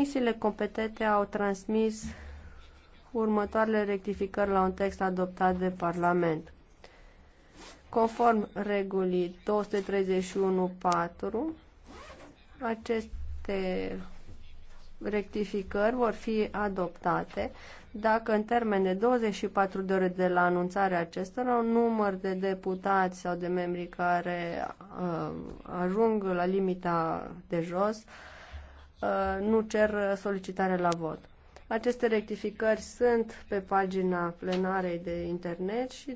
Comisiile competente au transmis următoarele rectificări la un text adoptat de Parlament. Conform regulii 231.4, aceste rectificări vor fi adoptate dacă în termen de 24 de ore de la anunțarea acestora un număr de deputați sau de membri care uh, ajung la limita de jos uh, Uh, nu cer solicitare la vot. Aceste rectificări sunt pe pagina plenarei de internet și